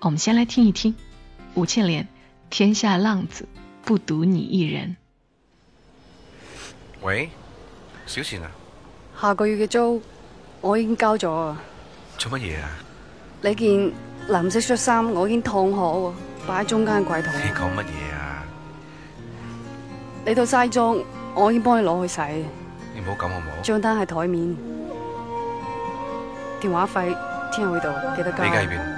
我們先來聽一聽，吳倩蓮《天下浪子》，不獨你一人。喂，小倩啊，下個月嘅租我已經交咗啊。做乜嘢啊？你件藍色恤衫我已經燙好，擺喺中間嘅櫃桶。你講乜嘢啊？你套西裝我已經幫你攞去洗。你唔好咁好唔好？賬單喺台面，電話費聽日去到，記得交。你家喺邊？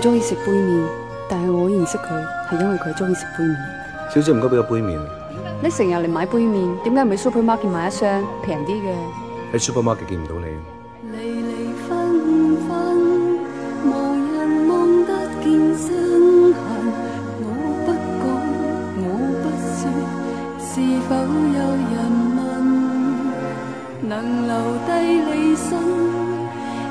中意食杯麵，但係我認識佢係因為佢中意食杯麵。小姐唔該俾個杯麵。你成日嚟買杯麵，點解唔喺 supermarket 買一箱平啲嘅？喺 supermarket 見唔到你。離離分分無人望得見身痕，我不講我不說，是否有人問能留低你身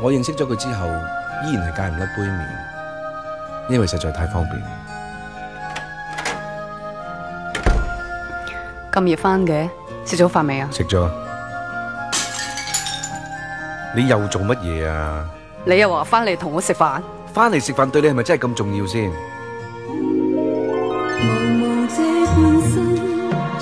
我認識咗佢之後，依然係戒唔甩杯麵，因為實在太方便。咁夜翻嘅，食咗飯未啊？食咗。你又做乜嘢啊？你又話翻嚟同我食飯？翻嚟食飯對你係咪真係咁重要先？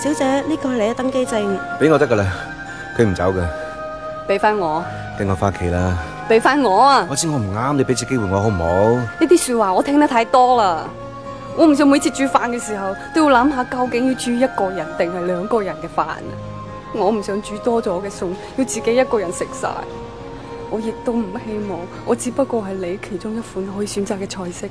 小姐，呢個係你嘅登機證。俾我得噶啦，佢唔走噶。俾翻我。俾我返屋企啦。俾翻我啊！我知我唔啱，你俾次機會我好唔好？呢啲說話我聽得太多啦，我唔想每次煮飯嘅時候都要諗下究竟要煮一個人定係兩個人嘅飯啊！我唔想煮多咗嘅餸要自己一個人食晒，我亦都唔希望我只不過係你其中一款可以選擇嘅菜式。